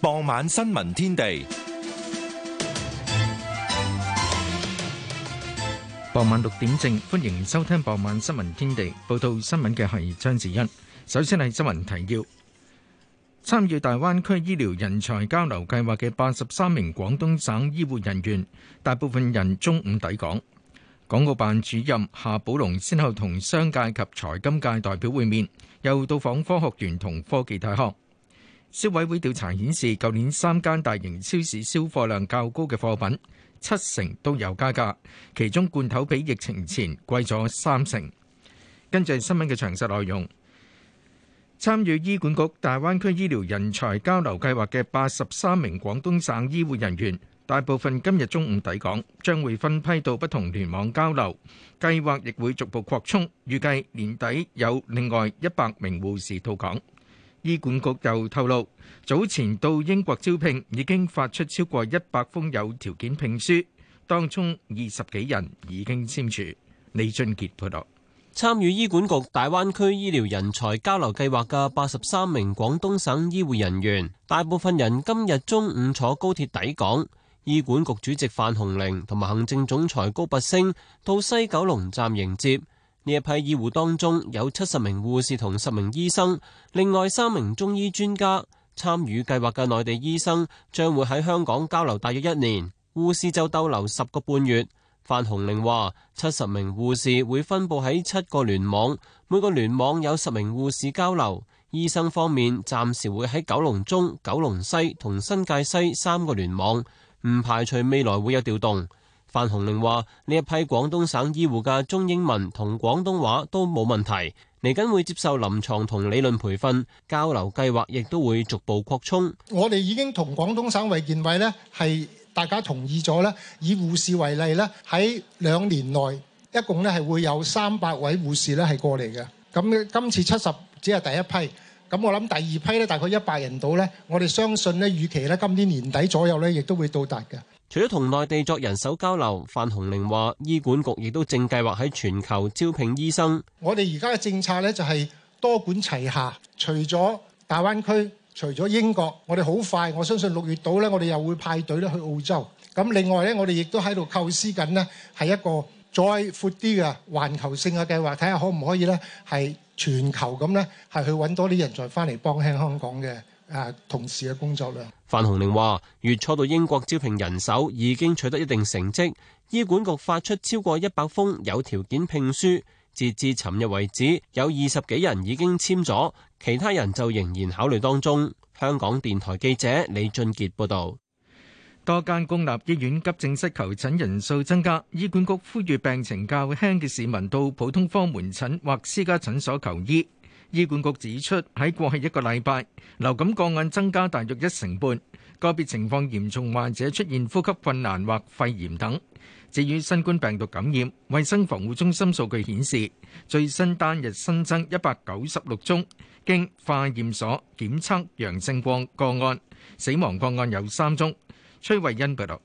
傍晚新聞天地，傍晚六點正，歡迎收聽傍晚新聞天地。報道新聞嘅係張智欣。首先係新聞提要：參與大灣區醫療人才交流計劃嘅八十三名廣東省醫護人員，大部分人中午抵港。港澳辦主任夏寶龍先後同商界及財金界代表會面，又到訪科學園同科技大學。消委會調查顯示，舊年，三間大型超市銷貨量較高嘅貨品，七成都有加價，其中罐頭比疫情前貴咗三成。跟住新聞嘅詳細內容，參與醫管局大灣區醫療人才交流計劃嘅八十三名廣東省醫護人員，大部分今日中午抵港，將會分批到不同聯網交流，計劃亦會逐步擴充，預計年底有另外一百名護士到港。醫管局又透露，早前到英國招聘，已經發出超過一百封有條件聘書，當中二十幾人已經簽署。李俊傑報道，參與醫管局大灣區醫療人才交流計劃嘅八十三名廣東省醫護人員，大部分人今日中午坐高鐵抵港。醫管局主席范鴻齡同埋行政總裁高拔升到西九龍站迎接。呢一批醫護當中有七十名護士同十名醫生，另外三名中醫專家參與計劃嘅內地醫生將會喺香港交流大約一年，護士就逗留十個半月。范鴻齡話：七十名護士會分布喺七個聯網，每個聯網有十名護士交流。醫生方面暫時會喺九龍中、九龍西同新界西三個聯網，唔排除未來會有調動。范洪玲話：呢一批廣東省醫護嘅中英文同廣東話都冇問題，嚟緊會接受臨床同理論培訓，交流計劃亦都會逐步擴充。我哋已經同廣東省衛健委呢係大家同意咗咧，以護士為例咧，喺兩年內一共呢係會有三百位護士呢係過嚟嘅。咁今次七十只係第一批，咁我諗第二批呢大概一百人度呢，我哋相信呢預期呢今年年底左右呢亦都會到達嘅。除咗同內地作人手交流，范鴻齡話醫管局亦都正計劃喺全球招聘醫生。我哋而家嘅政策咧就係多管齊下，除咗大灣區，除咗英國，我哋好快，我相信六月到咧，我哋又會派隊咧去澳洲。咁另外咧，我哋亦都喺度構思緊呢，係一個再闊啲嘅環球性嘅計劃，睇下可唔可以咧係全球咁咧係去揾多啲人才翻嚟幫輕香港嘅誒同事嘅工作量。范鴻齡話月初到英國招聘人手已經取得一定成績，醫管局發出超過一百封有條件聘書，截至尋日為止，有二十幾人已經簽咗，其他人就仍然考慮當中。香港電台記者李俊杰報道。多間公立醫院急症室求診人數增加，醫管局呼籲病情較輕嘅市民到普通科門診或私家診所求醫。醫管局指出，喺過去一個禮拜，流感個案增加大約一成半，個別情況嚴重患者出現呼吸困難或肺炎等。至於新冠病毒感染，衞生防護中心數據顯示，最新單日新增一百九十六宗，經化驗所檢測陽性個案，死亡個案有三宗。崔慧欣報導。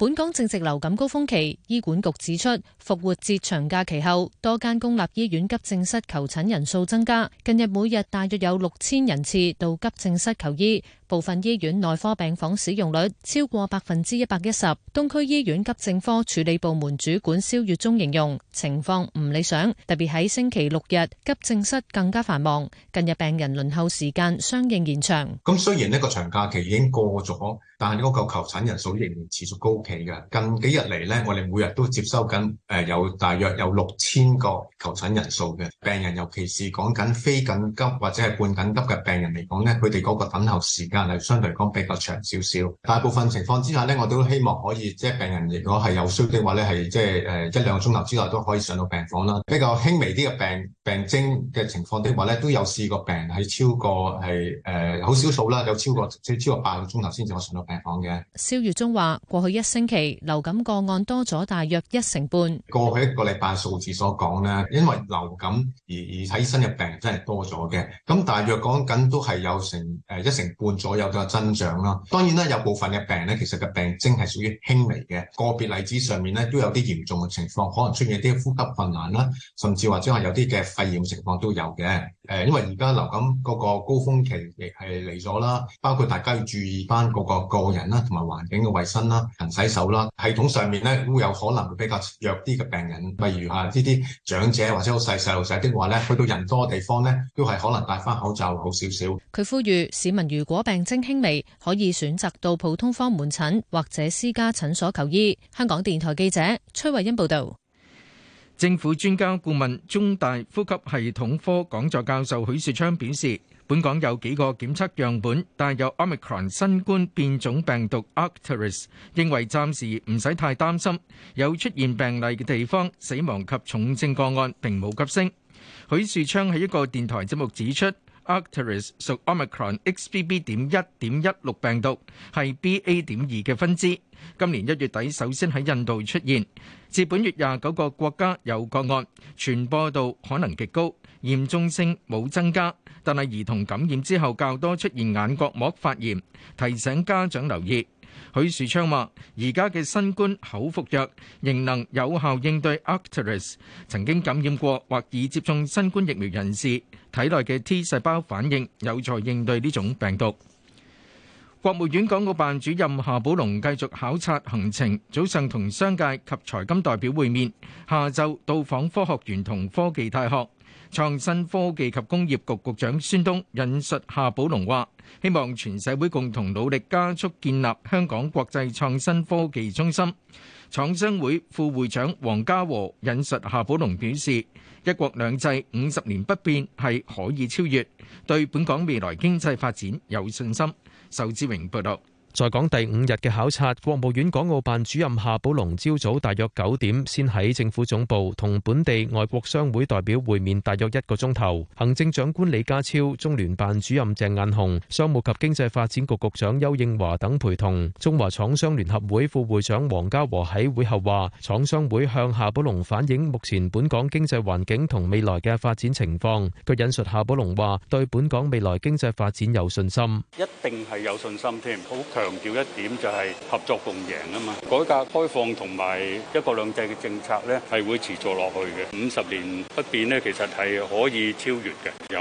本港正值流感高峰期，醫管局指出，復活節長假期後，多間公立醫院急症室求診人數增加，近日每日大約有六千人次到急症室求醫。部分醫院內科病房使用率超過百分之一百一十。東區醫院急症科處理部門主管蕭月中形容，情況唔理想，特別喺星期六日，急症室更加繁忙，近日病人輪候時間相應延長。咁雖然呢個長假期已經過咗，但係嗰個求診人數仍然持續高企嘅。近幾日嚟呢，我哋每日都接收緊有大約有六千個求診人數嘅病人，尤其是講緊非緊急或者係半緊急嘅病人嚟講，佢哋嗰個等候時間但係相對嚟講比較長少少，大部分情況之下咧，我都希望可以即係病人如果係有燒的話咧，係即係誒一兩個鐘頭之內都可以上到病房啦。比較輕微啲嘅病病徵嘅情況的話咧，都有試過病係超過係誒、呃、好少數啦，有超過即係超過八個鐘頭先至可以上到病房嘅。蕭月忠話：過去一星期流感個案多咗大約一成半。過去一個禮拜數字所講咧，因為流感而而睇醫生嘅病真係多咗嘅，咁大約講緊都係有成誒一成半所有嘅增長啦，當然啦，有部分嘅病咧，其實個病徵係屬於輕微嘅，個別例子上面咧都有啲嚴重嘅情況，可能出現啲呼吸困難啦，甚至或者係有啲嘅肺炎情況都有嘅。誒，因為而家流感嗰個高峰期亦係嚟咗啦，包括大家要注意翻嗰個個人啦同埋環境嘅衞生啦，勤洗手啦。系統上面咧都會有可能會比較弱啲嘅病人，例如話呢啲長者或者好細細路仔的話咧，去到人多嘅地方咧，都係可能戴翻口罩好少少。佢呼籲市民如果病症輕微，可以選擇到普通科門診或者私家診所求醫。香港電台記者崔慧欣報道。政府專家顧問、中大呼吸系統科講座教授許樹昌表示，本港有幾個檢測樣本，但有 omicron 新冠變種病毒，Arcturus，認為暫時唔使太擔心。有出現病例嘅地方，死亡及重症個案並無急升。許樹昌喺一個電台節目指出。Arcturus 屬 Omicron XBB. 點一點一六病毒係 BA. 點二嘅分支。今年一月底首先喺印度出現，至本月廿九個國家有個案，傳播度可能極高，嚴重性冇增加，但係兒童感染之後較多出現眼角膜發炎，提醒家長留意。許樹昌話：而家嘅新冠口服藥仍能有效應對 Arcturus，曾經感染過或已接種新冠疫苗人士體內嘅 T 細胞反應有助應對呢種病毒。國務院港澳辦主任夏寶龍繼續考察行程，早上同商界及財金代表會面，下晝到訪科學園同科技大學。創新科技及工業局局長孫東引述夏寶龍話，希望全社會共同努力，加速建立香港國際創新科技中心。廠商會副會長黃家和引述夏寶龍表示，一國兩制50在港第五日嘅考察，國務院港澳辦主任夏寶龍朝早大約九點先喺政府總部同本地外國商會代表會面，大約一個鐘頭。行政長官李家超、中聯辦主任鄭雁雄、商務及經濟發展局局長邱應華等陪同。中華廠商聯合會副會長黃家和喺會後話，廠商會向夏寶龍反映目前本港經濟環境同未來嘅發展情況。佢引述，夏寶龍話對本港未來經濟發展有信心，一定係有信心添。好。強調一點就係合作共贏啊嘛！改革開放同埋一國兩制嘅政策呢，係會持續落去嘅。五十年不變呢，其實係可以超越嘅。有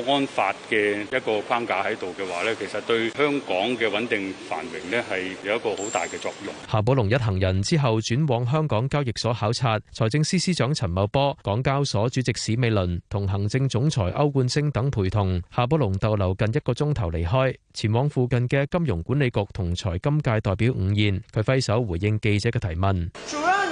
《國安法》嘅一個框架喺度嘅話呢，其實對香港嘅穩定繁榮呢係有一個好大嘅作用。夏寶龍一行人之後轉往香港交易所考察，財政司司長陳茂波、港交所主席史美倫同行政總裁歐冠昇等陪同。夏寶龍逗留近一個鐘頭，離開，前往附近嘅金融管理局同財金界代表午宴，佢揮手回應記者嘅提問。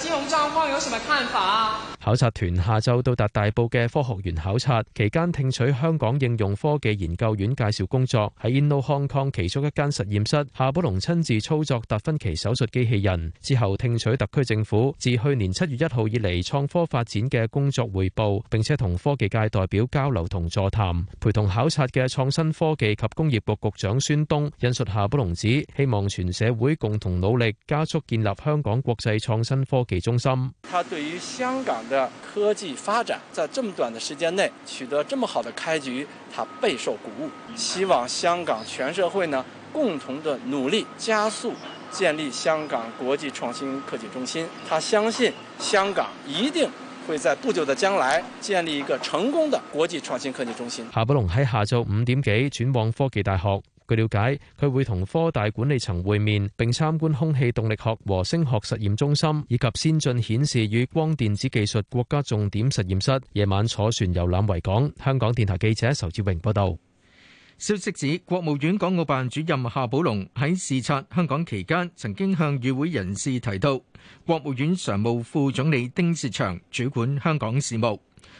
金融狀況有什麼看法？考察團下晝到達大埔嘅科學園考察，期間聽取香港應用科技研究院介紹工作，喺 InnoHK 其中一間實驗室，夏寶龍親自操作達芬奇手術機器人，之後聽取特區政府自去年七月一號以嚟創科發展嘅工作匯報，並且同科技界代表交流同座談。陪同考察嘅創新科技及工業局局長孫東，引述夏寶龍指，希望全社會共同努力，加速建立香港國際創新。科技中心，他對於香港的科技發展，在這麼短的時間內取得這麼好的開局，他備受鼓舞。希望香港全社會呢，共同的努力，加速建立香港國際創新科技中心。他相信香港一定會在不久的將來建立一個成功的國際創新科技中心。夏寶龍喺下晝五點幾轉往科技大學。據了解，佢會同科大管理層會面，並參觀空氣動力學和聲學實驗中心以及先進顯示與光電子技術國家重點實驗室。夜晚坐船遊覽維港。香港電台記者仇志榮報道。消息指，國務院港澳辦主任夏寶龍喺視察香港期間，曾經向與會人士提到，國務院常務副總理丁薛祥主管香港事務。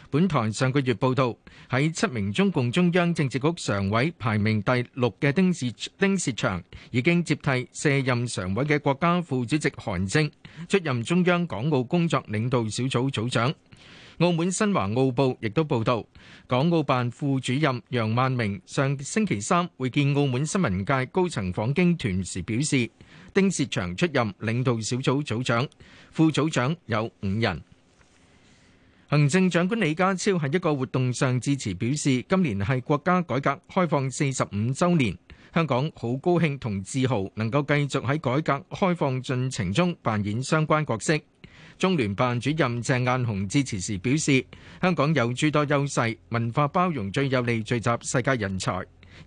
本台上個月報道，喺七名中共中央政治局常委排名第六嘅丁薛丁薛祥，已經接替卸任常委嘅國家副主席韓正，出任中央港澳工作領導小組組長。澳門新華澳報亦都報道，港澳辦副主任楊萬明上星期三會見澳門新聞界高層訪京團時表示，丁薛祥出任領導小組組長，副組長有五人。行政長官李家超喺一個活動上致辭表示，今年係國家改革開放四十五週年，香港好高興同自豪能夠繼續喺改革開放進程中扮演相關角色。中聯辦主任鄭雁雄致辭時表示，香港有諸多優勢，文化包容最有利聚集世界人才，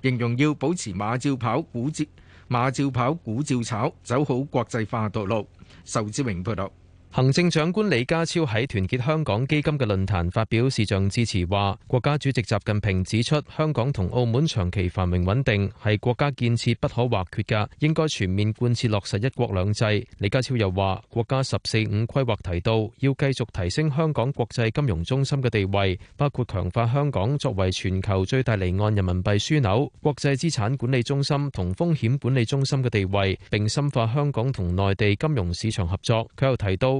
形容要保持馬照跑、股照馬照跑、股照炒，走好國際化道路。仇志榮報導。行政長官李家超喺團結香港基金嘅論壇發表視像致辭，話國家主席習近平指出，香港同澳門長期繁榮穩定係國家建設不可或缺嘅，應該全面貫徹落實一國兩制。李家超又話，國家十四五規劃提到要繼續提升香港國際金融中心嘅地位，包括強化香港作為全球最大離岸人民幣樞紐、國際資產管理中心同風險管理中心嘅地位，並深化香港同內地金融市場合作。佢又提到。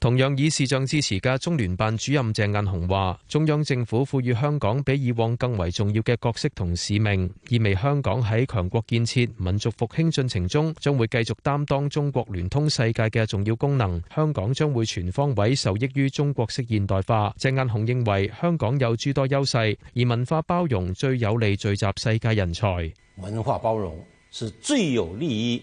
同樣以視像支持嘅中聯辦主任鄭雁雄話，中央政府賦予香港比以往更為重要嘅角色同使命，意味香港喺強國建設、民族復興進程中，將會繼續擔當中國聯通世界嘅重要功能。香港將會全方位受益於中國式現代化。鄭雁雄認為，香港有諸多優勢，而文化包容最有利聚集世界人才。文化包容是最有利益，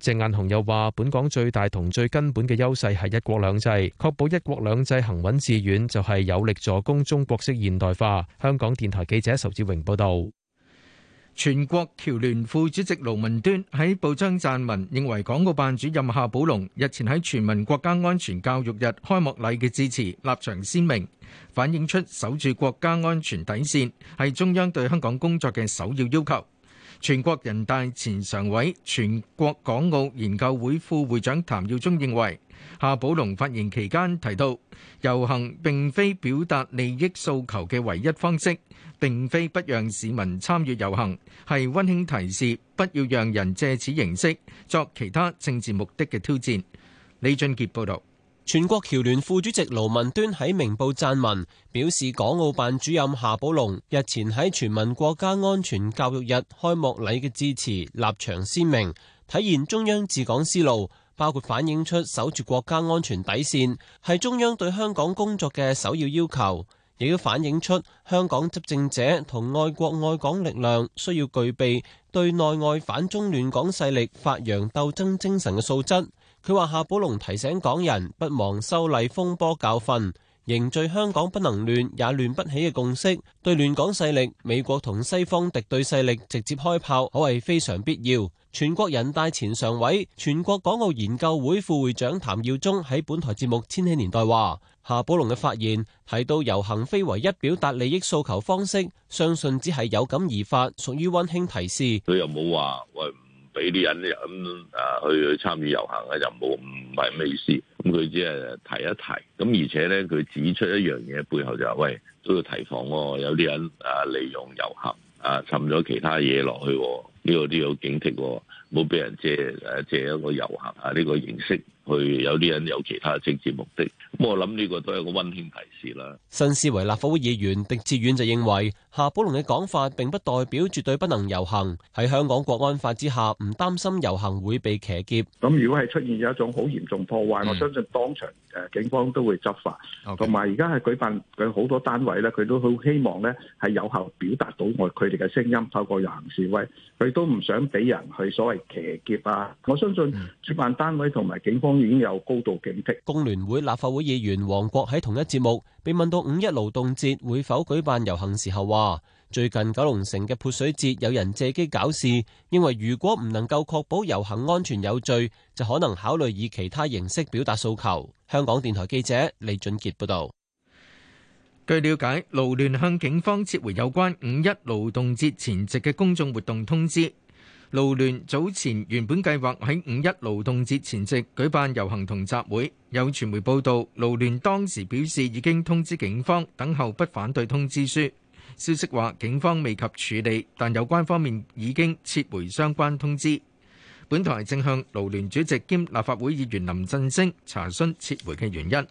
鄭雁雄又話，本港最大同最根本嘅優勢係一國兩制，確保一國兩制行穩致遠，就係有力助攻中國式現代化。香港電台記者仇志榮報道。全國僑聯副主席盧文端喺報章撰文，認為港澳辦主任夏寶龍日前喺全民國家安全教育日開幕禮嘅致辭，立場鮮明，反映出守住國家安全底線係中央對香港工作嘅首要要求。全國人大前常委、全國港澳研究會副會長譚耀宗認為，夏寶龍發言期間提到，遊行並非表達利益訴求嘅唯一方式，並非不讓市民參與遊行，係温馨提示，不要讓人藉此形式作其他政治目的嘅挑戰。李俊傑報導。全國僑聯副主席盧文端喺明報撰文，表示港澳辦主任夏寶龍日前喺全民國家安全教育日開幕禮嘅致辭立場鮮明，體現中央治港思路，包括反映出守住國家安全底線係中央對香港工作嘅首要要求，亦都反映出香港執政者同愛國愛港力量需要具備對內外反中亂港勢力發揚鬥爭精神嘅素質。佢話：夏寶龍提醒港人不忘修例風波教訓，凝聚香港不能亂也亂不起嘅共識，對亂港勢力、美國同西方敵對勢力直接開炮，可謂非常必要。全國人大前常委、全國港澳研究會副會長譚耀宗喺本台節目《千禧年代》話：夏寶龍嘅發言提到遊行非唯一表達利益訴求方式，相信只係有感而發，屬於温馨提示。佢又冇話喂，俾啲人咁啊去去參與遊行啊，又冇唔係咩意思，咁佢只係提一提，咁而且咧佢指出一樣嘢，背後就話：喂都要提防喎，有啲人啊利用遊行啊，滲咗其他嘢落去，呢、呢個都要警惕喎。冇俾人借誒借一個遊行啊，呢個形式去有啲人有其他政治目的。咁我諗呢個都係一個溫馨提示啦。新思維立法會議員狄志遠就認為，夏寶龍嘅講法並不代表絕對不能遊行。喺香港國安法之下，唔擔心遊行會被騎劫。咁、嗯 okay. 如果係出現有一種好嚴重破壞，我相信當場誒警方都會執法。同埋而家係舉辦佢好多單位咧，佢都好希望咧係有效表達到我佢哋嘅聲音，透過遊行示威，佢都唔想俾人去所謂。邪劫啊！我相信主辦單位同埋警方已經有高度警惕。工聯會立法會議員黃國喺同一節目被問到五一勞動節會否舉辦遊行時候，話最近九龍城嘅潑水節有人借機搞事，認為如果唔能夠確保遊行安全有序，就可能考慮以其他形式表達訴求。香港電台記者李俊傑報導。據瞭解，勞聯向警方撤回有關五一勞動節前夕嘅公眾活動通知。勞聯早前原本計劃喺五一勞動節前夕，舉辦遊行同集會。有傳媒報道，勞聯當時表示已經通知警方，等候不反對通知書。消息話，警方未及處理，但有關方面已經撤回相關通知。本台正向勞聯主席兼立法會議員林振昇查詢撤回嘅原因。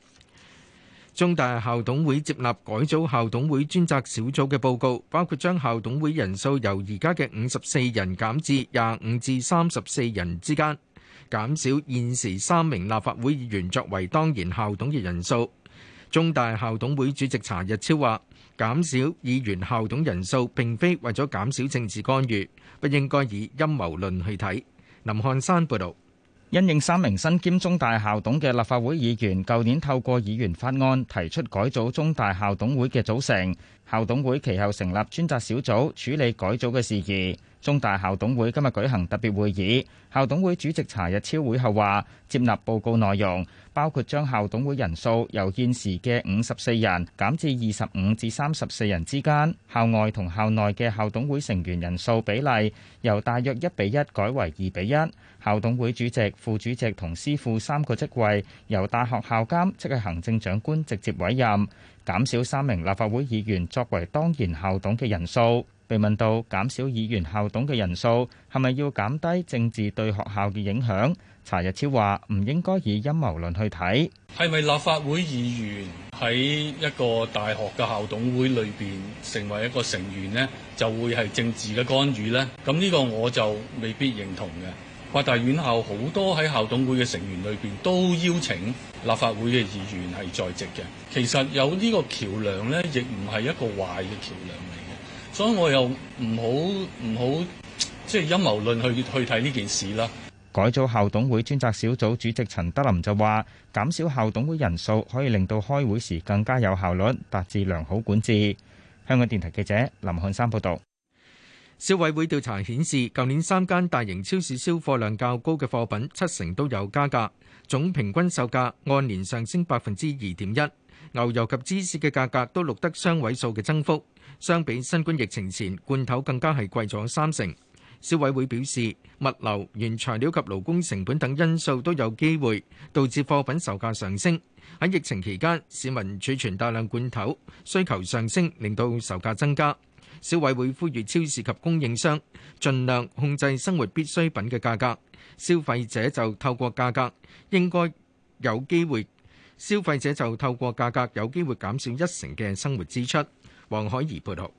中大校董會接納改組校董會專責小組嘅報告，包括將校董會人數由而家嘅五十四人減至廿五至三十四人之間，減少現時三名立法會議員作為當然校董嘅人數。中大校董會主席查日超話：減少議員校董人數並非為咗減少政治干預，不應該以陰謀論去睇。林漢山報導。因應三名身兼中大校董嘅立法會議員，舊年透過議員法案提出改組中大校董會嘅組成。校董會其後成立專責小組處理改組嘅事宜。中大校董會今日舉行特別會議，校董會主席查日超會後話，接納報告內容，包括將校董會人數由現時嘅五十四人減至二十五至三十四人之間，校外同校內嘅校董會成員人數比例由大約一比一改為二比一。校董會主席、副主席同師傅三個職位由大學校監即係行政長官直接委任。減少三名立法會議員作為當然校董嘅人數，被問到減少議員校董嘅人數，係咪要減低政治對學校嘅影響，查日超話唔應該以陰謀論去睇。係咪立法會議員喺一個大學嘅校董會裏邊成為一個成員咧，就會係政治嘅干預咧？咁呢個我就未必認同嘅。八大院校好多喺校董會嘅成員裏邊都邀請。立法會嘅議員係在職嘅，其實有呢個橋梁呢，亦唔係一個壞嘅橋梁嚟嘅，所以我又唔好唔好即係陰謀論去去睇呢件事啦。改組校董會專責小組主席陳德林就話：減少校董會人數可以令到開會時更加有效率，達至良好管治。香港電台記者林漢山報導。消委會調查顯示，舊年三間大型超市銷貨量較高嘅貨品，七成都有加價。總平均售價按年上升百分之二點一，牛油及芝士嘅價格都錄得雙位數嘅增幅，相比新冠疫情前罐頭更加係貴咗三成。消委會表示，物流、原材料及勞工成本等因素都有機會導致貨品售價上升。喺疫情期間，市民儲存大量罐頭，需求上升，令到售價增加。消委會呼籲超市及供應商盡量控制生活必需品嘅價格，消費者就透過價格應該有機會，消費者就透過價格有機會減少一成嘅生活支出。黃海怡報道。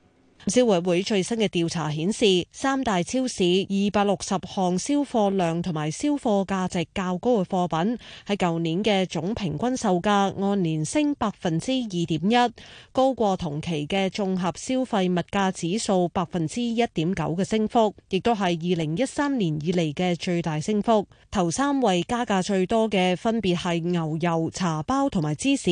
消委會最新嘅調查顯示，三大超市二百六十項銷貨量同埋銷貨價值較高嘅貨品，喺舊年嘅總平均售價按年升百分之二點一，高過同期嘅綜合消費物價指數百分之一點九嘅升幅，亦都係二零一三年以嚟嘅最大升幅。頭三位加價最多嘅分別係牛油、茶包同埋芝士，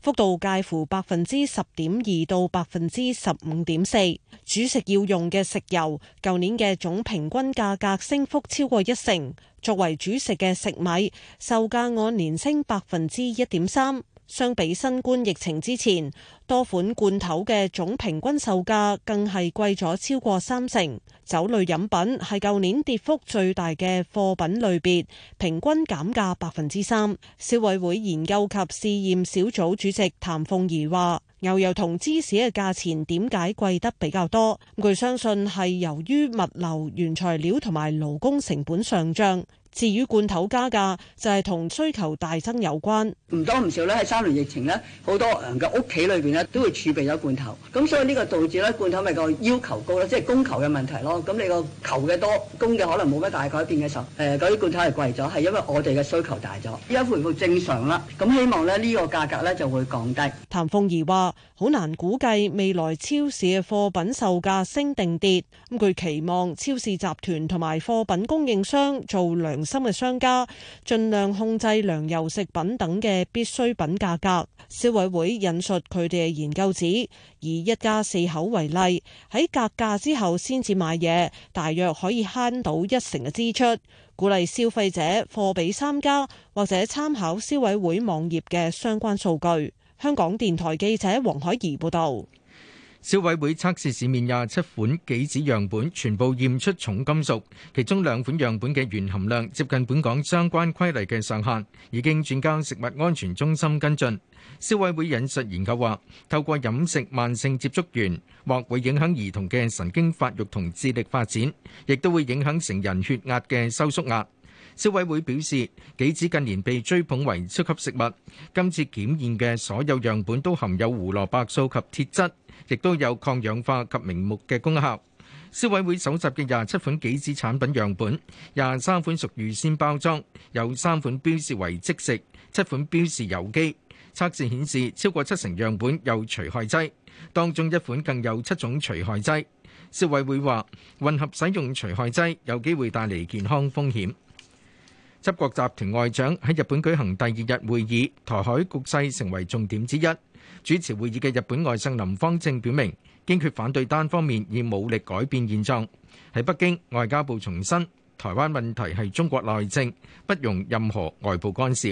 幅度介乎百分之十點二到百分之十五點四。主食要用嘅食油，舊年嘅總平均價格升幅超過一成。作為主食嘅食米，售價按年升百分之一點三。相比新冠疫情之前，多款罐頭嘅總平均售價更係貴咗超過三成。酒類飲品係舊年跌幅最大嘅貨品類別，平均減價百分之三。消委會研究及試驗小組主席譚鳳儀話。牛油同芝士嘅價錢點解貴得比較多？據相信係由於物流、原材料同埋勞工成本上漲。至於罐頭加價，就係、是、同需求大增有關。唔多唔少咧，喺三輪疫情咧，好多人嘅屋企裏邊咧都會儲備咗罐頭，咁所以呢個導致咧罐頭咪個要求高咯，即係供求嘅問題咯。咁你個求嘅多，供嘅可能冇乜大改變嘅時候，誒嗰啲罐頭係貴咗，係因為我哋嘅需求大咗，依家回復正常啦，咁希望咧呢個價格咧就會降低。譚鳳儀話。好難估計未來超市嘅貨品售價升定跌。咁佢期望超市集團同埋貨品供應商做良心嘅商家，盡量控制糧油食品等嘅必需品價格。消委會引述佢哋嘅研究指，以一家四口為例，喺格價之後先至買嘢，大約可以慳到一成嘅支出。鼓勵消費者貨比三家或者參考消委會網頁嘅相關數據。香港電台記者黃海怡報道。消委會測試市面廿七款杞子樣本全部驗出重金屬，其中兩款樣本的鉛含量接近本港相關規例的上限，已經轉交食物安全中心跟進。消委會引述研究話，透過飲食慢性接觸鉛或會影響兒童的神經發育同智力發展，亦都會影響成人血壓的收縮壓。消委會表示，杞子近年被追捧為超級食物。今次檢驗嘅所有樣本都含有胡蘿蔔素及鐵質，亦都有抗氧化及明目嘅功效。消委會搜集嘅廿七款杞子產品樣本，廿三款屬預先包裝，有三款標示為即食，七款標示有機。測試顯示，超過七成樣本有除害劑，當中一款更有七種除害劑。消委會話，混合使用除害劑有機會帶嚟健康風險。七國集團外長喺日本舉行第二日會議，台海局勢成為重點之一。主持會議嘅日本外相林芳正表明，堅決反對單方面以武力改變現狀。喺北京，外交部重申，台灣問題係中國內政，不容任何外部干涉。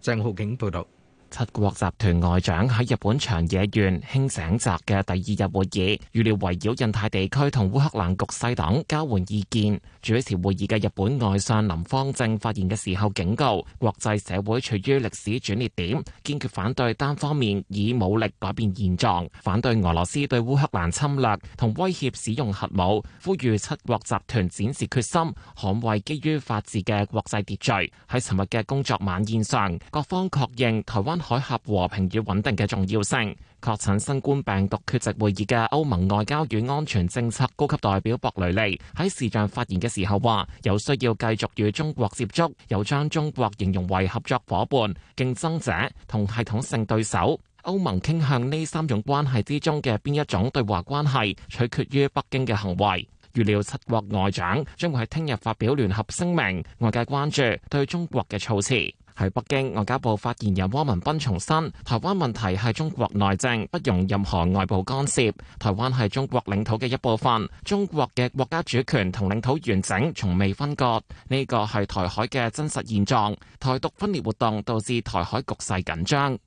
鄭浩景報道。七國集團外長喺日本長野縣興井澤嘅第二日會議，預料圍繞印太地區同烏克蘭局勢等交換意見。主持會議嘅日本外相林芳正發言嘅時候警告，國際社會處於歷史轉捩點，堅決反對單方面以武力改變現狀，反對俄羅斯對烏克蘭侵略同威脅使用核武，呼籲七國集團展示決心，捍衛基於法治嘅國際秩序。喺尋日嘅工作晚宴上，各方確認台灣海峽和平與穩定嘅重要性。確診新冠病毒缺席會議嘅歐盟外交與安全政策高級代表博雷利喺視像發言嘅時候話：有需要繼續與中國接觸，有將中國形容為合作伙伴、競爭者同系統性對手。歐盟傾向呢三種關係之中嘅邊一種對華關係，取決於北京嘅行為。預料七國外長將會喺聽日發表聯合聲明，外界關注對中國嘅措辭。喺北京外交部發言人汪文斌重申，台灣問題係中國內政，不容任何外部干涉。台灣係中國領土嘅一部分，中國嘅國家主權同領土完整從未分割，呢個係台海嘅真實現狀，台獨分裂活動導致台海局勢緊張，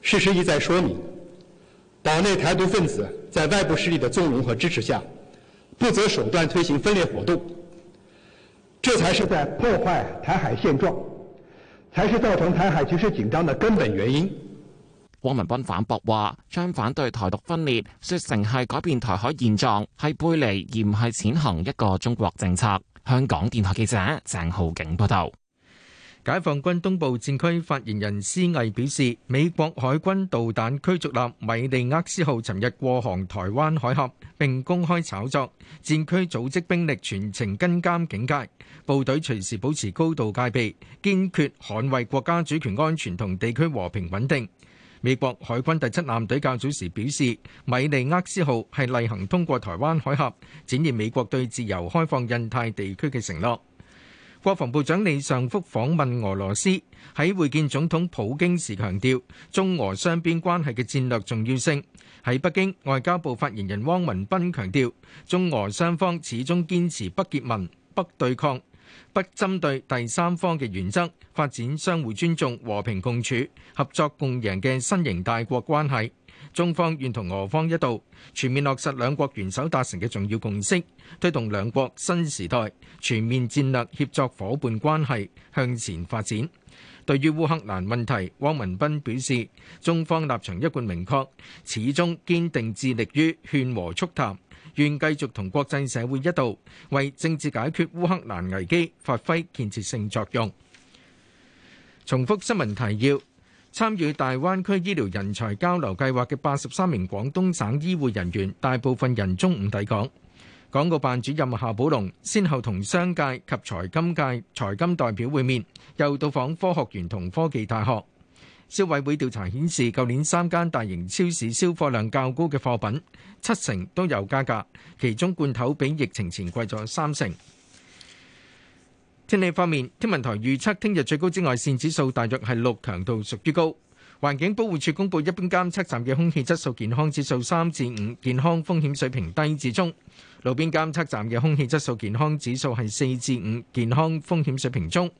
事實一再說明，島內台獨分子在外部勢力的縱容和支持下，不擇手段推行分裂活動，這才是在破壞台海現狀。才是造成台海局勢緊張的根本原因。汪文斌反駁話，將反對台獨分裂，說成係改變台海現狀，係背離而唔係踐行一個中國政策。香港電台記者鄭浩景報道。解放軍東部戰區發言人施毅表示，美國海軍導彈驅逐艦米利厄斯號尋日過航台灣海峽，並公開炒作，戰區組織兵力全程跟監警戒，部隊隨時保持高度戒備，堅決捍衛國家主權安全同地區和平穩定。美國海軍第七艦隊較早時表示，米利厄斯號係例行通過台灣海峽，展現美國對自由開放印太地區嘅承諾。國防部長李尚福訪問俄羅斯，喺會見總統普京時強調，中俄雙邊關係嘅戰略重要性。喺北京，外交部發言人汪文斌強調，中俄雙方始終堅持不結盟、不對抗、不針對第三方嘅原則，發展相互尊重、和平共處、合作共贏嘅新型大國關係。中方願同俄方一道全面落實兩國元首達成嘅重要共識，推動兩國新時代全面戰略協作夥伴關係向前發展。對於烏克蘭問題，汪文斌表示，中方立場一貫明確，始終堅定致力於勸和促談，願繼續同國際社會一道為政治解決烏克蘭危機發揮建設性作用。重複新聞提要。參與大灣區醫療人才交流計劃嘅天氣方面，天文台預測聽日最高紫外線指數大約係六，強度屬於高。環境保護署公布一般監測站嘅空氣質素健康指數三至五，健康風險水平低至中；路邊監測站嘅空氣質素健康指數係四至五，健康風險水平中。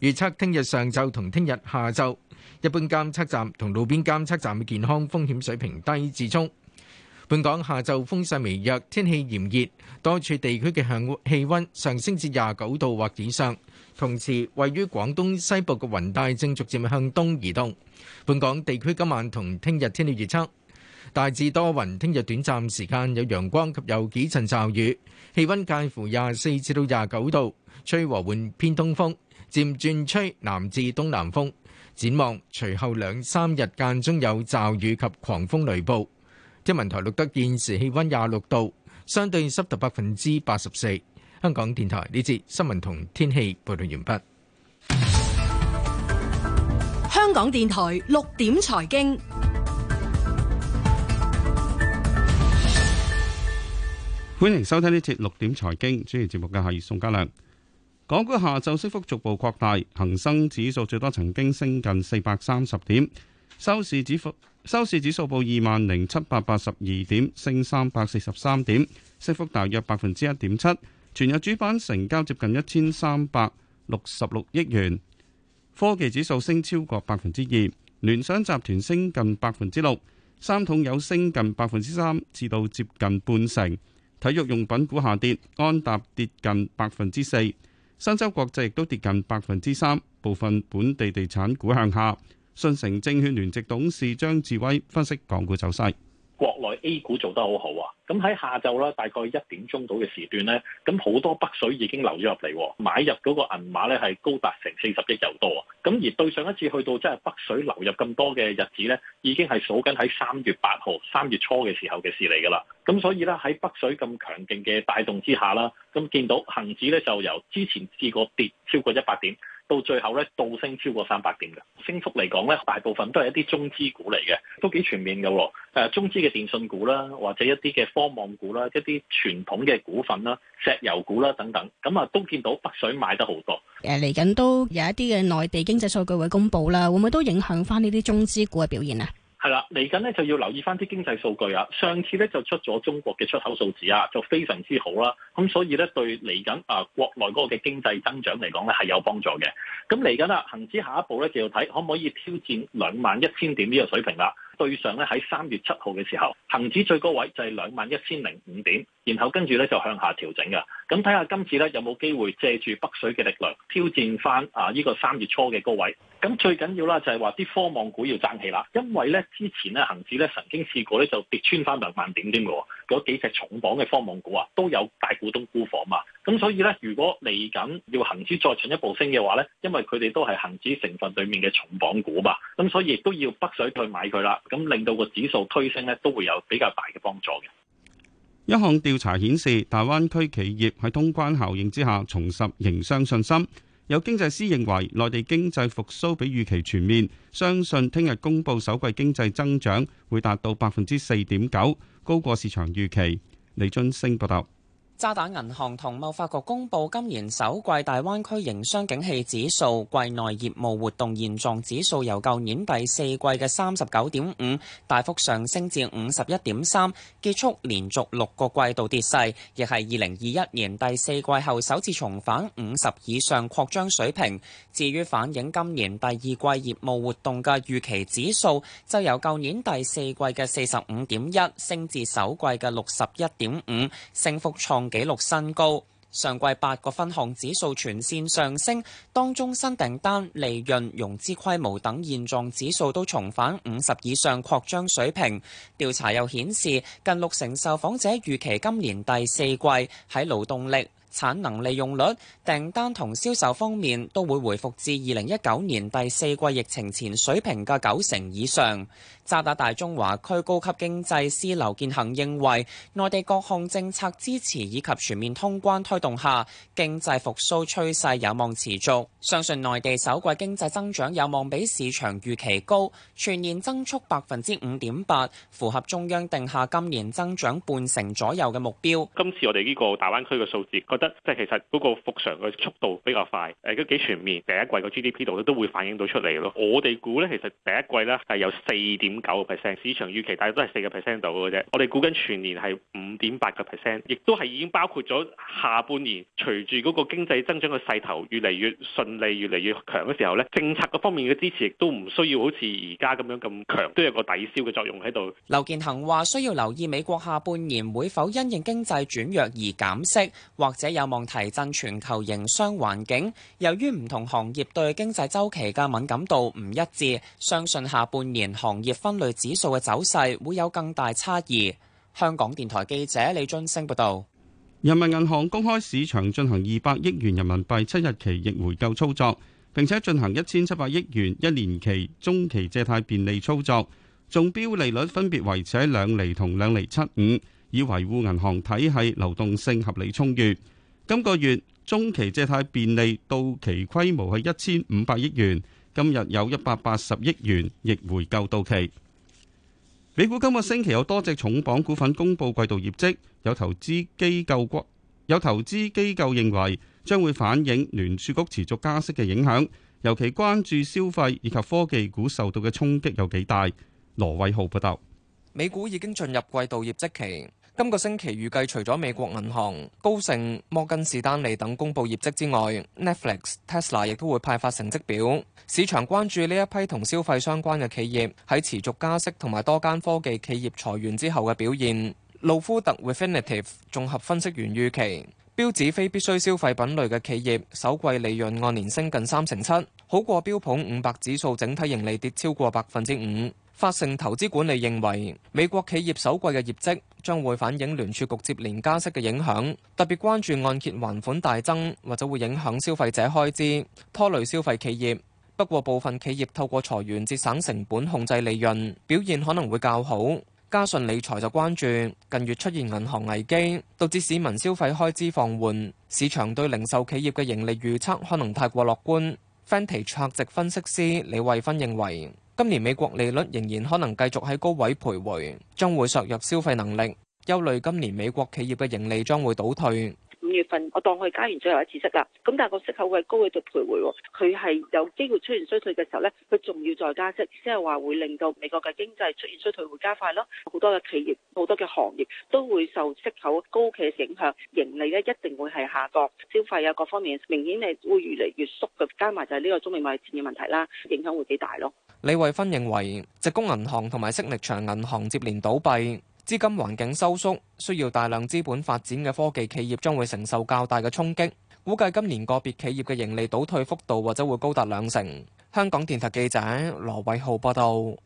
預測聽日上晝同聽日下晝，一般監測站同路邊監測站嘅健康風險水平低至中。本港下晝風勢微弱，天氣炎熱，多處地區嘅氣溫上升至廿九度或以上。同時，位於廣東西部嘅雲帶正逐漸向東移動。本港地區今晚同聽日天氣預測大致多雲，聽日短暫時間有陽光及有幾陣驟雨，氣温介乎廿四至到廿九度，吹和緩偏東風，漸轉吹南至東南風。展望隨後兩三日間中有驟雨及狂風雷暴。天文台錄得現時氣溫廿六度，相對濕度百分之八十四。香港電台呢節新聞同天氣報道完畢。香港電台六點財經，歡迎收聽呢節六點財經，主持節目嘅係宋家亮。港股下晝升幅逐步擴大，恒生指數最多曾經升近四百三十點。收市指幅，收市指數報二萬零七百八十二點，升三百四十三點，升幅大約百分之一點七。全日主板成交接近一千三百六十六億元。科技指數升超過百分之二，聯想集團升近百分之六，三桶油升近百分之三至到接近半成。體育用品股下跌，安踏跌近百分之四，新洲國際亦都跌近百分之三。部分本地地產股向下。信誠證券聯席董事張志威分析港股走勢，國內 A 股做得好好啊。咁喺下晝啦，大概一點鐘到嘅時段咧，咁好多北水已經流咗入嚟，買入嗰個銀碼咧係高達成四十億又多，咁而對上一次去到即係北水流入咁多嘅日子咧，已經係數緊喺三月八號、三月初嘅時候嘅事嚟噶啦，咁所以咧喺北水咁強勁嘅帶動之下啦，咁見到恒指咧就由之前試過跌超過一百點。到最後咧，倒升超過三百點嘅升幅嚟講咧，大部分都係一啲中資股嚟嘅，都幾全面嘅喎，啊。中資嘅電信股啦，或者一啲嘅科網股啦，一啲傳統嘅股份啦，石油股啦等等，咁啊都見到北水買得好多。誒，嚟緊都有一啲嘅內地經濟數據會公佈啦，會唔會都影響返呢啲中資股嘅表現啊？係啦，嚟緊咧就要留意返啲經濟數據啊。上次咧就出咗中國嘅出口數字啊，就非常之好啦。咁所以咧對嚟緊啊國內嗰個嘅經濟增長嚟講咧係有幫助嘅。咁嚟緊啦，行之下一步咧就要睇可唔可以挑戰兩萬一千點呢個水平啦。對上咧喺三月七號嘅時候，恒指最高位就係兩萬一千零五點，然後跟住咧就向下調整嘅。咁睇下今次咧有冇機會借住北水嘅力量挑戰翻啊呢個三月初嘅高位。咁最緊要啦就係話啲科網股要爭氣啦，因為咧之前咧恆指咧曾經試過咧就跌穿翻兩萬點添喎，嗰幾隻重磅嘅科網股啊都有大股東沽貨嘛。咁所以咧如果嚟緊要恒指再進一步升嘅話咧，因為佢哋都係恒指成分裡面嘅重磅股嘛，咁所以亦都要北水去買佢啦。咁令到個指數推升咧，都會有比較大嘅幫助嘅。一項調查顯示，大灣區企業喺通關效應之下重拾營商信心。有經濟師認為，內地經濟復蘇比預期全面，相信聽日公布首季經濟增長會達到百分之四點九，高過市場預期。李津升報道。渣打銀行同貿發局公布今年首季大灣區營商景氣指數，季內業務活動現狀指數，由舊年第四季嘅三十九點五大幅上升至五十一點三，結束連續六個季度跌勢，亦係二零二一年第四季後首次重返五十以上擴張水平。至於反映今年第二季業務活動嘅預期指數，就由舊年第四季嘅四十五點一升至首季嘅六十一點五，升幅創紀錄新高，上季八個分項指數全線上升，當中新訂單、利潤、融資規模等現狀指數都重返五十以上擴張水平。調查又顯示，近六成受訪者預期今年第四季喺勞動力、產能利用率、訂單同銷售方面都會回復至二零一九年第四季疫情前水平嘅九成以上。渣打大中華區高級經濟師劉建恒認為，內地各項政策支持以及全面通關推動下，經濟復甦趨勢有望持續。相信內地首季經濟增長有望比市場預期高，全年增速百分之五點八，符合中央定下今年增長半成左右嘅目標。今次我哋呢個大灣區嘅數字，覺得即係其實嗰個復常嘅速度比較快，誒，都幾全面。第一季個 GDP 度都會反映到出嚟咯。我哋估呢，其實第一季呢係有四點九個 percent，市場預期大約都係四個 percent 度嘅啫。我哋估緊全年係五點八個 percent，亦都係已經包括咗下半年。隨住嗰個經濟增長嘅勢頭越嚟越順利，越嚟越強嘅時候咧，政策嗰方面嘅支持亦都唔需要好似而家咁樣咁強，都有個抵消嘅作用喺度。劉健恒話：需要留意美國下半年會否因應經濟轉弱而減息，或者有望提振全球營商環境。由於唔同行業對經濟週期嘅敏感度唔一致，相信下半年行業分分類指數嘅走勢會有更大差異。香港電台記者李津升報道：人民銀行公開市場進行二百億元人民幣七日期逆回購操作，並且進行一千七百億元一年期中期借貸便利操作，中標利率分別維持喺兩厘同兩厘七五，以維護銀行體系流動性合理充裕。今個月中期借貸便利到期規模係一千五百億元。今日有一百八十億元逆回購到期。美股今個星期有多隻重磅股份公布季度業績，有投資機構國有投資機構認為將會反映聯儲局持續加息嘅影響，尤其關注消費以及科技股受到嘅衝擊有幾大。羅偉浩報道，美股已經進入季度業績期。今、這個星期預計，除咗美國銀行、高盛、摩根士丹利等公布業績之外，Netflix、Tesla 亦都會派發成績表。市場關注呢一批同消費相關嘅企業喺持續加息同埋多間科技企業裁員之後嘅表現。路夫特 Refinitiv 綜合分析員預期，標指非必須消費品類嘅企業首季利潤按年升近三成七，好過標普五百指數整體盈利跌超過百分之五。法盛投資管理認為，美國企業首季嘅業績。將會反映聯儲局接連加息嘅影響，特別關注按揭還款大增，或者會影響消費者開支，拖累消費企業。不過部分企業透過裁員節省成本，控制利潤表現可能會較好。嘉信理財就關注近月出現銀行危機，導致市民消費開支放緩，市場對零售企業嘅盈利預測可能太過樂觀。Fantasy 客席分析師李慧芬認為。今年美國利率仍然可能繼續喺高位徘徊，將會削弱消費能力，憂慮今年美國企業嘅盈利將會倒退。五月份我當佢係加完最後一次息噶，咁但係個息口位高喺度徘徊，佢係有機會出現衰退嘅時候咧，佢仲要再加息，即係話會令到美國嘅經濟出現衰退會加快咯。好多嘅企業、好多嘅行業都會受息口高企嘅影響，盈利咧一定會係下降，消費啊各方面明顯係會越嚟越縮嘅。加埋就係呢個中美貿易戰嘅問題啦，影響會幾大咯。李慧芬認為，直工銀行同埋息力場銀行接連倒閉，資金環境收縮，需要大量資本發展嘅科技企業將會承受較大嘅衝擊。估計今年個別企業嘅盈利倒退幅度或者會高達兩成。香港電台記者羅偉浩報道。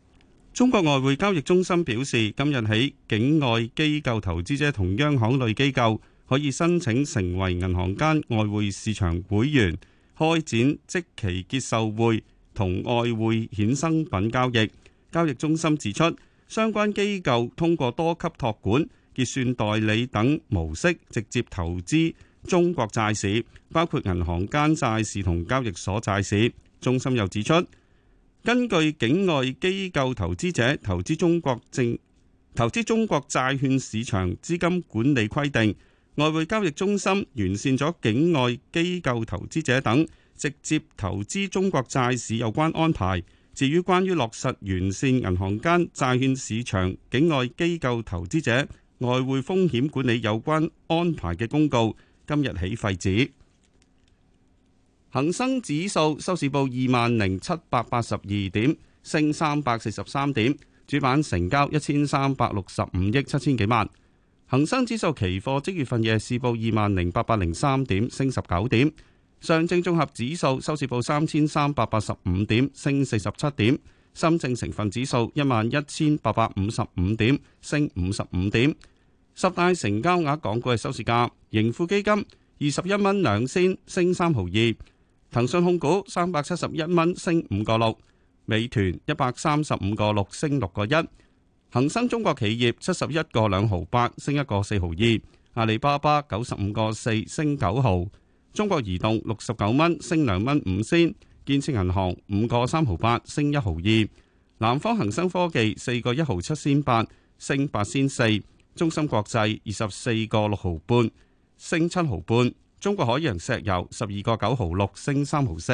中國外匯交易中心表示，今日起，境外機構投資者同央行類機構可以申請成為銀行間外匯市場會員，開展即期結售匯。同外匯衍生品交易，交易中心指出，相關機構通過多級託管、結算代理等模式直接投資中國債市，包括銀行間債市同交易所債市。中心又指出，根據境外機構投資者投資中國證、投資中國債券市場資金管理規定，外匯交易中心完善咗境外機構投資者等，直接投資中國債市有關安排。至於關於落實完善銀行間債券市場境外機構投資者外匯風險管理有關安排嘅公告，今日起廢止。恒生指數收市報二萬零七百八十二點，升三百四十三點，主板成交一千三百六十五億七千幾萬。恒生指數期貨即月份夜市報二萬零八百零三點，升十九點。上證綜合指數收市報三千三百八十五點，升四十七點；深證成分指數一萬一千八百五十五點，升五十五點。十大成交額港股嘅收市價：盈富基金二十一蚊兩仙，升三毫二；騰訊控股三百七十一蚊，升五個六；美團一百三十五個六，升六個一；恒生中國企業七十一個兩毫八，升一個四毫二；阿里巴巴九十五個四，升九毫。中國移動六十九蚊，升兩蚊五仙；建設銀行五個三毫八，升一毫二；南方恒生科技四個一毫七仙八，升八仙四；中芯國際二十四個六毫半，升七毫半；中國海洋石油十二個九毫六，升三毫四。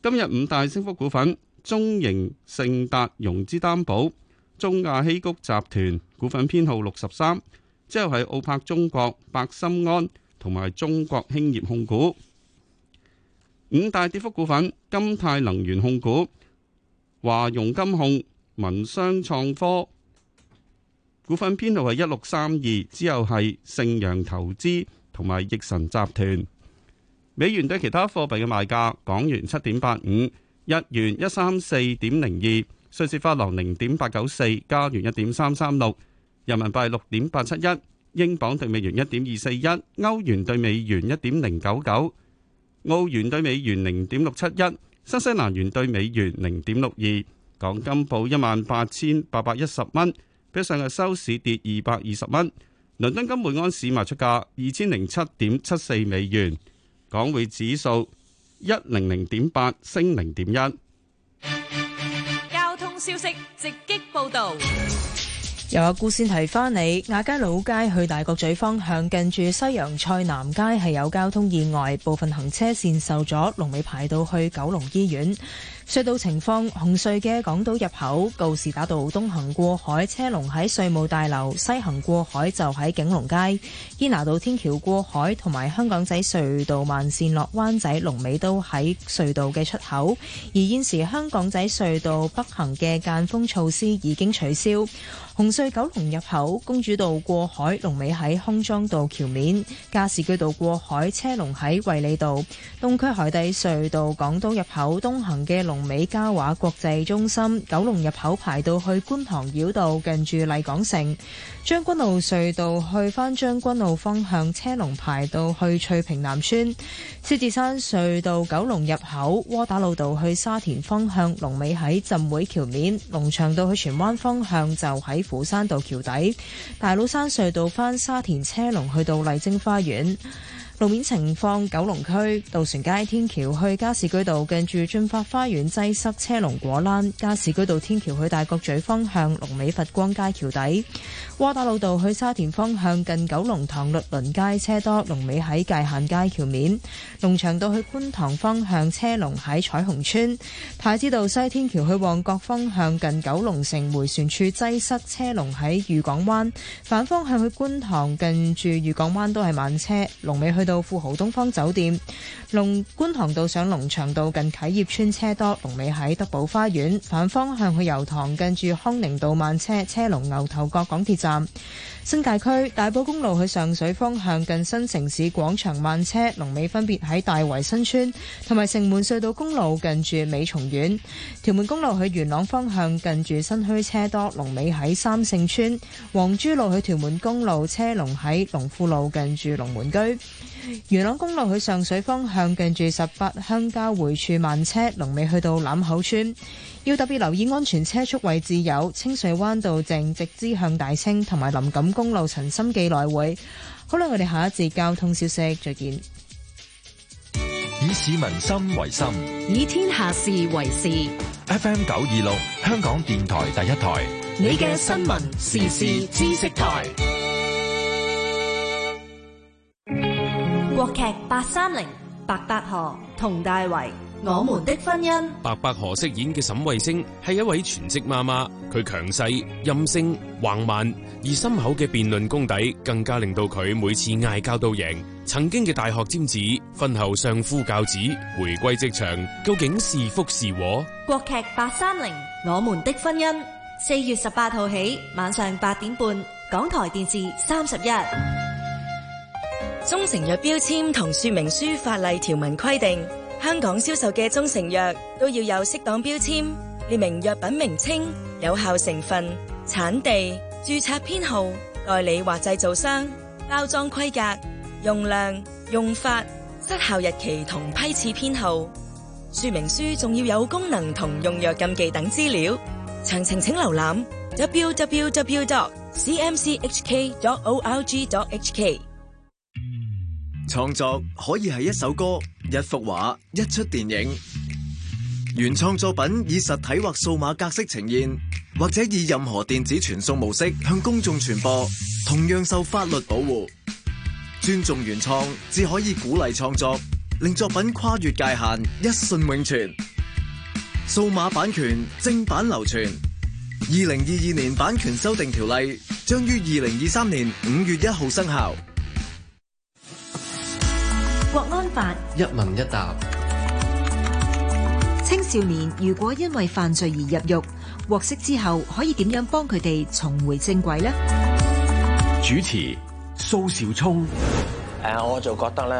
今日五大升幅股份：中盈盛達融資擔保、中亞希谷集團股份編號六十三，之後係奧柏中國、百心安。同埋中國興業控股。五大跌幅股份：金泰能源控股、華融金控、民商創科股份編號係一六三二，之後係盛陽投資同埋易神集團。美元對其他貨幣嘅賣價：港元七點八五，日元一三四點零二，瑞士法郎零點八九四，加元一點三三六，人民幣六點八七一。英鎊兌美元一點二四一，歐元兌美元一點零九九，澳元兌美元零點六七一，新西蘭元兌美元零點六二。港金報一萬八千八百一十蚊，比上日收市跌二百二十蚊。倫敦金每安士賣出價二千零七點七四美元。港匯指數一零零點八升零點一。交通消息直擊報道。又故先提翻你，亞皆老街去大角咀方向近住西洋菜南街係有交通意外，部分行車線受阻，龍尾排到去九龍醫院。隧道情況，紅隧嘅港島入口告士打道東行過海車龍喺稅務大樓，西行過海就喺景隆街。堅拿道天橋過海同埋香港仔隧道慢線落灣仔龍尾都喺隧道嘅出口。而現時香港仔隧道北行嘅間封措施已經取消。紅隧九龍入口公主道過海龍尾喺康莊道橋面，加士居道過海車龍喺衛理道。東區海底隧道港島入口東行嘅龍。龍尾嘉華國際中心，九龍入口排到去觀塘繞道，近住麗港城。將軍澳隧道去翻將軍澳方向，車龍排到去翠屏南村。獅子山隧道九龍入口窩打老道去沙田方向，龍尾喺浸會橋面。龍翔道去荃灣方向就喺斧山道橋底。大老山隧道翻沙田車龍去到麗晶花園。路面情況：九龍區渡船街天橋去加士居道近住進發花園擠塞車龍果欄；加士居道天橋去大角咀方向龍尾佛光街橋底；窩打老道去沙田方向近九龍塘律倫街車多龍尾喺界限街橋面；龍翔道去觀塘方向車龍喺彩虹村；太子道西天橋去旺角方向近九龍城迴旋處擠塞車龍喺裕港灣，反方向去觀塘近住裕港灣都係慢車龍尾去到富豪東方酒店，龍觀塘道上龍翔道近啟業村車多，龍尾喺德寶花園。反方向去油塘，近住康寧道慢車，車龍牛頭角港鐵站。新界區大埔公路去上水方向近新城市廣場慢車，龍尾分別喺大圍新村同埋城門隧道公路近住美松苑。屯門公路去元朗方向近住新墟車多，龍尾喺三聖村。黃珠路去屯門公路車龍喺龍富路近住龍門居。元朗公路去上水方向，近住十八鄉交匯處慢車，龍尾去到欖口村，要特別留意安全車速位置。有清水灣道正直支向大清，同埋林錦公路陳心記來回。好啦，我哋下一節交通消息再見。以市民心為心，以天下事為事。F M 九二六，香港電台第一台，你嘅新聞時事知識台。劇八三零，白百何、佟大為，我們的婚姻。白百何飾演嘅沈慧星係一位全職媽媽，佢強勢、任性、橫蠻，而深厚嘅辯論功底更加令到佢每次嗌交都贏。曾經嘅大學尖子，婚後相夫教子，回歸職場，究竟是福是禍？國劇八三零，我們的婚姻，四月十八號起，晚上八點半，港台電視三十一。中成藥標籤同說明書法例條文規定，香港銷售嘅中成藥都要有適當標籤，列明藥品名稱、有效成分、產地、註冊編號、代理或製造商、包裝規格、用量、用法、失效日期同批次編號。說明書仲要有功能同用藥禁忌等資料。詳情請瀏覽 www.cmchk.org.hk。創作可以係一首歌、一幅畫、一出電影，原創作品以實體或數碼格式呈現，或者以任何電子傳送模式向公眾傳播，同樣受法律保護。尊重原創，只可以鼓勵創作，令作品跨越界限，一瞬永存。數碼版權正版流傳。二零二二年版權修訂條例將於二零二三年五月一號生效。一問一答：青少年如果因為犯罪而入獄，獲釋之後可以點樣幫佢哋重回正軌呢？主持蘇小聰，誒、啊、我就覺得咧。